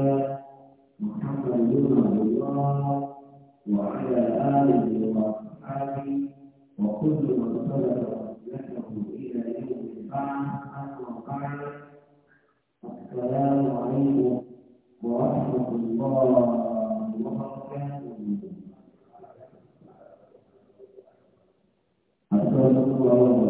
محمد بن عبد الله وعلى آله وصحبه وكل من سلك مسلكه إلى يوم القيامة أما بعد السلام عليكم ورحمة الله وبركاته أسأل الله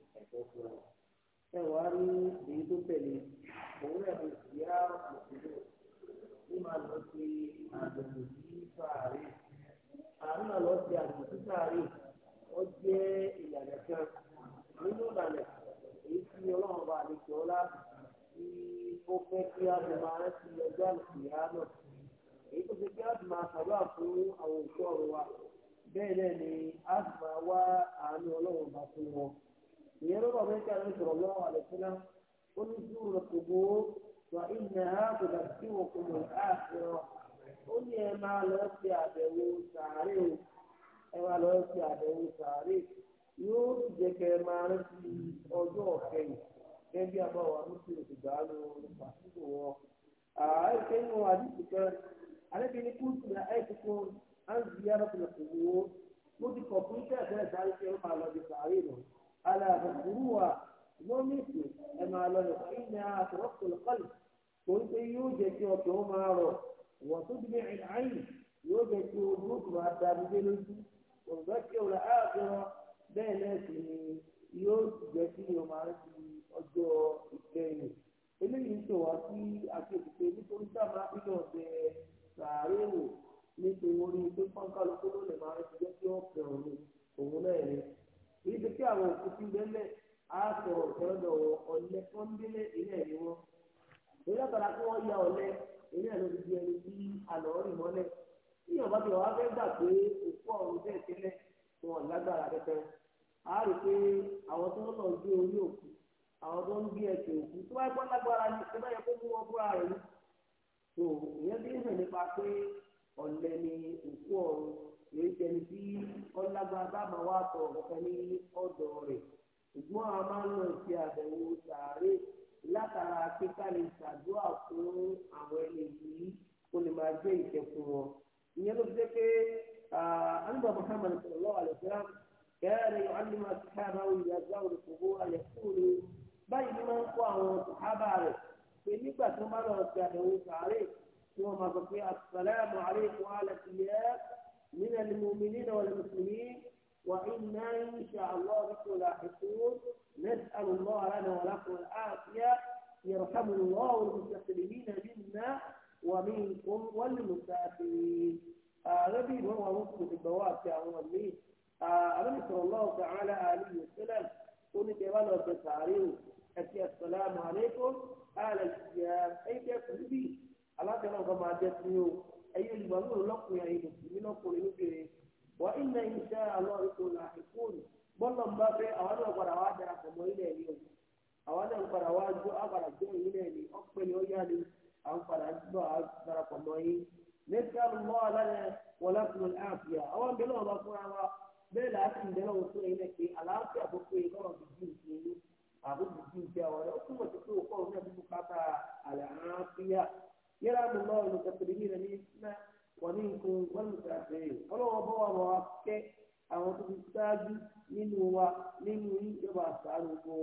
ẹwàá èyí tó tẹ̀lé òun náà lè fi á òkúrò ní máa lọ sí àgbègbè sí sàárè àánú náà lọ sí àgbègbè sí sàárè ó jẹ́ ìlànà kan nínú ìlànà èyí tí ọlọ́run bá lè jọ lá tí ó fẹ́ kí á ọjọ́ àlùfíà náà èyí tó kí máa fún àwọn òṣù ọ̀rọ̀ wa bẹ́ẹ̀ náà ni wá àánú ọlọ́run يرضى بك النبي صلى الله عليه وسلم قل زوروا القبور وإنها تذكركم الآخرة قل يا ما لوسي àbẹ̀wò sàárè ẹ wá lọ́sí àbẹ̀wò sàárè yóò jẹ́ kẹ́ máa rántí ọjọ́ ọ̀kẹ́yìn gẹ́gẹ́ bí abáwa mùsùlùmí ti gbà á lọ nípa síbò wọn. àìsè inú àdìsí kan alẹ́bí ní kúùtù ní àìsí fún àǹzí yára tó lọ sí owó mo ti kọ̀ fún iṣẹ́ ìfẹ́ ìdáríṣẹ́ ó máa lọ di sàárè lọ́wọ́ aláàbẹ̀kúrúwà wọ́n mèsì ẹ̀ máa lọ lọ sí ní àtúrọ́pọ̀ lọ́kọ́lù kò ń pé yóò jẹ́ kí ọkàn ó máa rọ̀ wọ́n tó dìbò ẹ̀ ayì yóò jẹ́ kí ojú ó máa dàbí dé lójú òǹgbẹ́ kí ọ̀rọ̀ ààbẹ̀rọ̀ bẹ́ẹ̀ lẹ́sìn ni yóò jẹ́ kí o máa ń fi ọjọ́ ìkẹyìn eléyìí ń ṣòwò sí akéèké nítorí sábà nínú ọ̀bẹ sàárè wò nítorí pé pọ́ńkálukú ló lè máa ń ṣiṣẹ́ tí ó fẹ̀ràn òun náà ni. èyí ti pé àwọn òkú ti gbẹ́lẹ̀ á sọ̀rọ̀ ìtọ́lọ́dọ̀ ọ̀lẹ pọ́ńbélé ilé ẹ̀rí wọn èyí látara kí ya ole ilé ẹ̀rí ló di ẹni bí àlọ́ọ̀rì mọ́lẹ̀ tí yorùbá ti wá fẹ́ gbà pé òkú ọ̀run bẹ́ẹ̀ tẹ́lẹ̀ wọn lágbára kẹtẹ á rí pé àwọn tó ń lọ gbé orí òkú àwọn tó ń gbé ẹsẹ̀ òkú tó bá gbọ́ lágbára ni ẹ bá èyí tẹni tí ọlágbára báàmà wà tọ̀ ọ̀kọ̀ọ̀kan ní ọ̀dọ̀ rẹ̀ ṣùgbọ́n a máa ń lọ sí àbẹ̀wò sàárè látara kíkà lè ṣàdúrà fún àwọn ẹni yìí kó lè máa jẹ́ ìṣẹ̀kùn wọn. ìyẹn ló fi jẹ́ pé anba muhammad sallallahu alayhi wa sallam kẹ́rẹ́ ni alima sahaba wo ìyàgbá olùkòwò alẹ́kùnrin báyìí ni máa ń kó àwọn sahaba rẹ̀ pé nígbà tí wọ́n bá lọ sí àbẹ̀wò sàárè tí wọ́n máa sọ pé asalaamu alaykum wa rahmatulahi. من المؤمنين والمسلمين وإنا إن شاء الله بكم لاحقون نسأل الله لنا ولكم العافية يرحم الله المستقبلين منا ومنكم والمسافرين النبي هو مسلم البواب كأمر المين النبي صلى الله تعالى عليه وسلم قل كمان وتسارعوا أتي السلام عليكم أهل الإسلام أي كيف نبي الله كمان كما جسمه ẹ̀yin olùgbàgbọ́ lọ́kùnrin ẹ̀yin mùsùlùmí lọ́kùnrin lóbìnrin wà ilẹ̀ iṣẹ́ àlọ́ ikú là ìkóòlù bọ́lá ń bá fẹ́ àwọn náà padà wá darapọ̀ mọ́ ilẹ̀ ẹ̀yìn o àwọn náà padà wá jó àpàdà jó ilẹ̀ ẹ̀yìn ọ̀pẹ ni ó yá ni àwọn padà yín. alẹ́ wọlé fún wọ́n lù sàṣẹ yìí ọlọ́wọ́ bọ́ wà wọ́n wá kẹ́ àwọn tó ti ṣáájú nínú wa nínú ìjọba àṣàrò gbọ́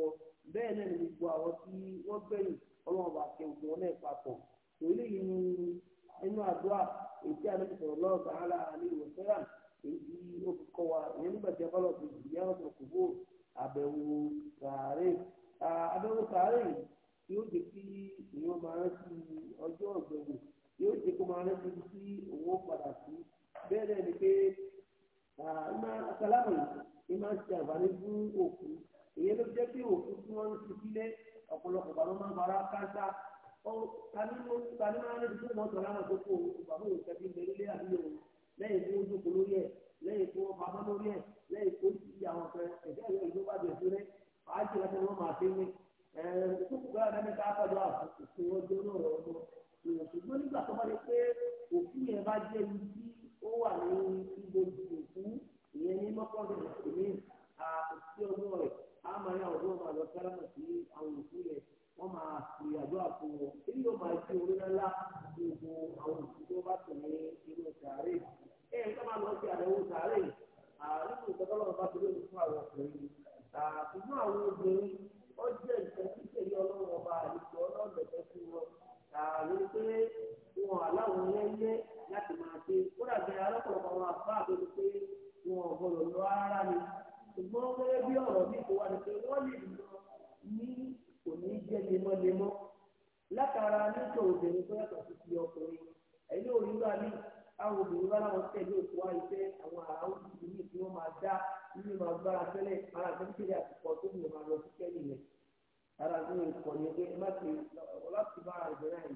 bẹ́ẹ̀ náà ní gbogbo àwọn tí wọ́n gbẹ̀yìn ọlọ́wọ́ bá kẹ́ ògbọ́n náà papọ̀ òun yìí ni inú àdúrà èyí tí a lè sọ̀rọ̀ lọ́wọ́ sàhálà ní ìwòsàn èyí ó fi kọ́ wa ìyẹn nígbà tí a bá lọ fi ìyá ọ̀sán kò bó àbẹ̀wò sàárè fún òkú èyí ló jẹ́ pé òkú tí wọ́n ń fi sílé ọ̀pọ̀lọpọ̀ bàbá máa ń fara káńtà tani máa ń rí fún wọn sọ̀rọ̀ àwọn àkókò bàbá òun kẹfì lẹ́yìn lé àbíyẹ̀ òun lẹ́yìn tí ó jókòó lórí ẹ̀ lẹ́yìn tí wọ́n pamọ́ lórí ẹ̀ lẹ́yìn tó ti di àwọn ọ̀fẹ́ ẹ̀jẹ̀ ìlú ìlú bá bẹ̀ fún rẹ̀ fàájì lọ́sẹ̀ wọn máa fi ní kókò gbọ́dọ̀ dání ká sí ọgbọ́n rẹ̀ á máa yá ọdún ọmọ àlọ́ sálámà sí àwọn òkú yẹn wọ́n máa fi àjọ àpò wọn èyí yóò máa di orí ńlá ní gbogbo àwọn òkú tó bá tẹ̀ ní inú sàárè ẹ̀ ká máa lọ sí àdéhùn sàárè àárín ìtọ́kọ́lọ́ bá ti lóyún fún àwọn ọkùnrin ṣùgbọ́n àwọn obìnrin ó jẹ́ ìtẹ́ títẹ̀lé ọlọ́run ọba àlejò ọlọ́run ẹ̀fẹ́ fún wọn àárín pé wọn aláwọn lẹ́yẹ láti máa ṣe kódà bẹ́ẹ̀ alákọ̀ọ́kọ̀ wọn àbá ṣùgbọ́n gẹ́gẹ́ bí ọ̀rọ̀ mi kò wá ní pé wọ́n lè ní kò ní jẹ́ lemọ́lemọ́ látara nítorí obìnrin tó yàtọ̀ sí ti ọkùnrin ẹ̀yìn òní bá ní àwọn obìnrin bá láwọn tẹ̀lé òkú wá iṣẹ́ àwọn ará òkú ní máa dá nínú máa gbára tẹ́lẹ̀ ara tó ń kéde àtìkọ tó ń máa lọ sí kẹ́lì rẹ̀ ara tó ń pé ara ìbẹ̀rẹ̀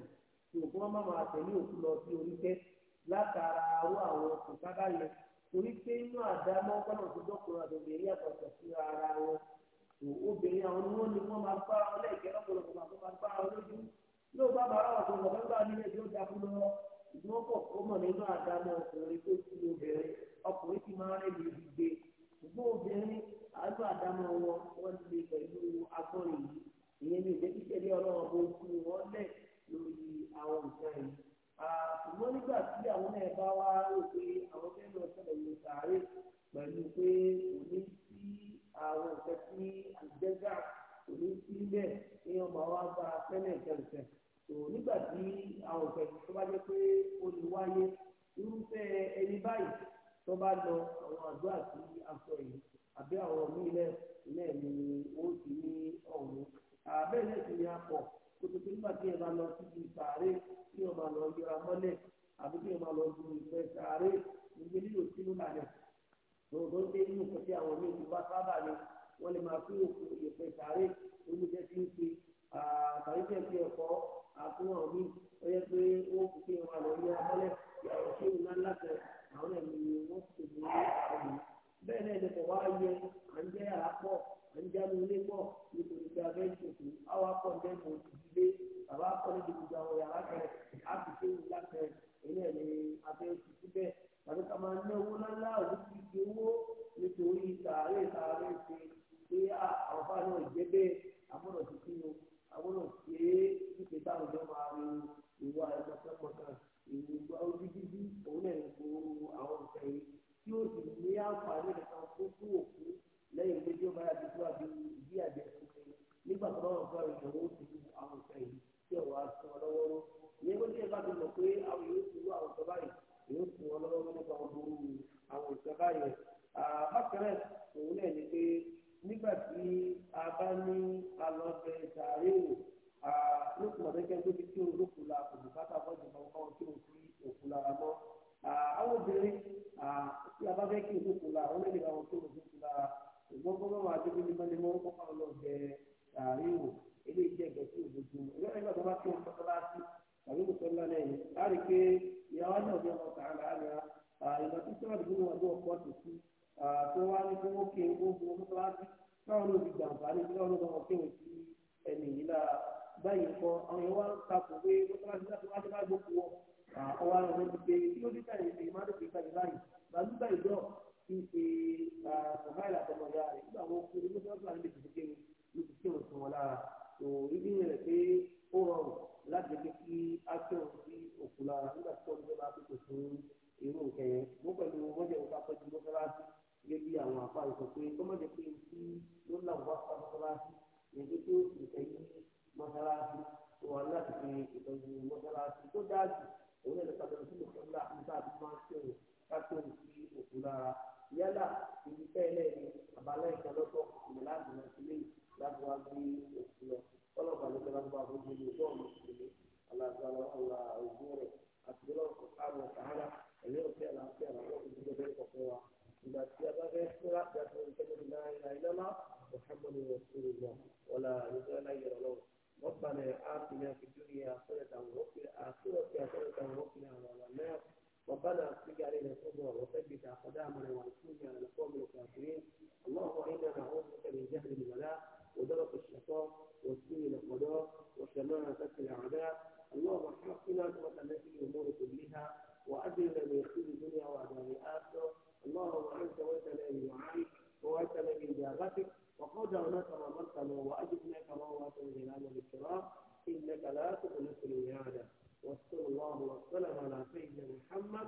tí òkú wọn máa tẹ̀lé òkú lọ sí látara torí pé inú àdámọ́ gbọ́dọ̀ tó dọ́kùnrin àtòbìnrin yàtọ̀ sí ara wọn tó obìnrin àwọn ni wọ́n ni wọ́n máa gbá ọ lẹ́ẹ̀kẹ́ lọ́pọ̀lọpọ̀ máa tó máa gbá ọ lójú ló bá bàrà wà tó lọ́pọ̀ nígbà nílẹ̀ tí ó dákú lọ ìgbọ́n pọ̀ ó mọ̀ nínú àdámọ́ ọkùnrin tó ti obìnrin ọkùnrin ti máa rẹ̀ jẹ́gà kò ní sí bẹ́ẹ̀ èèyàn máa wá gba pẹ́lẹ̀ ìkẹrùsẹ̀ tó nígbà tí àwọn tó bá jẹ́ pé ó lè wáyé irúfẹ́ ẹni báyìí tó bá lọ àwọn a sọ yìí àbí àwọn míì ó ní ọ̀hún náà a pọ̀ kòtòkè nígbà tí ẹ bá lọ síbi lọ yọra mọ́lẹ̀ àbí lọ ju ìfẹ́ sínú lálẹ́ dé wọ́n lè máa fi òkú ìyẹ̀pẹ̀ sàárè oníṣẹ́ tí ń ṣe àkàríṣẹ́ fi ẹ̀kọ́ àtúnwọ̀n mi ó yẹ pé ó kù kí wọn lọ yẹ abọ́lẹ̀ yàrá ṣé ìlú ńlá tẹ àwọn ẹ̀mí wọn sì ní ọ̀nà bẹ́ẹ̀ náà ni kò wá yẹ à ń jẹ́ yàrá pọ̀ à ń jáde ilé pọ̀ nítorí pé abẹ́ ìṣòfò ń dẹ́nu ìdílé bàbá akọ̀ níbi gbogbo àwọn yàrá tẹ àti ṣé ìlú báyìí bákan òun náà ni pé nígbà tí a bá ní alọ́bẹ̀ ndị wò lókùn ọ̀dẹ́gẹ́ tó fi o la kò bùkátà bọ́ọ̀dù náà kọ́ kí o fi òkú lára mọ́ àwọn obìnrin tí a bá fẹ́ kí o lókun la òun náà lè kọ́ bíi gẹ̀ẹ́sì òdodo tó bá tó ń ìgbà tí sọ́wọ́n ìgbóhùn ọdún ọ̀pọ̀ ti sí tí wọ́n wá ní kí wọ́n ké wọ́n bu ọmọ kíláàsì táwọn ló fi gbàǹfà ní kí wọ́n lọ́wọ́ kéwòn sí ẹnì yìí lára báyìí kọ àwọn yẹn wá ń takò pé wọ́n tó bá ti láti wá ti bá gbókù wọ́n àwọn ará wọn ti pé kí ló dé táyé ṣe má lè fi gbàyè báyìí màálù báyìí dọ̀ kí ṣe ọ̀háìlà tọmọ ìyá rẹ̀ dáàbò òun náà nípa tẹ̀lé sínú fúnra nígbà tó máa ń ṣòro ká tó ń fi òkú lára yálà ibi tẹ́lẹ̀ ni àbálẹ̀ ìkọlọ́tọ̀ ìmọ̀ láti lọ sílé láti wá gbé òkú lọ kọ́lọ́ba ló kẹ́lá gbọ́ àbójú ilé ìjọ ọ̀nà ìṣẹ̀lẹ̀ alágbára ọ̀la ògùn rẹ̀ àti lọ́wọ́ àwọn sàárà ẹ̀yẹ òkè àlàáfíà àwọn òṣèlú bẹ́ẹ̀ kọ̀ọ̀kan wa ìgbà tí a bá fẹ́ sí láti àtúntò ìkẹ́kọ̀ọ́ ìlànà ìlànà محمد رسول الله ولا رسول الله ربنا آتنا في امنا وانصرنا على القوم الكافرين اللهم انا نعوذ بك من جهل البلاء ودرك الشقاء وسوء القضاء وشماتة الاعداء اللهم احفظنا عقبتنا التي الامور كلها واجرنا من خير الدنيا وعذاب الاخره اللهم انت وانت لا يعاني وانت لا اجابتك وقدرنا كما مرتنا واجبنا كما واتى الجلال والكرام انك لا تخلف الميعاد وصلى الله وسلم على سيدنا محمد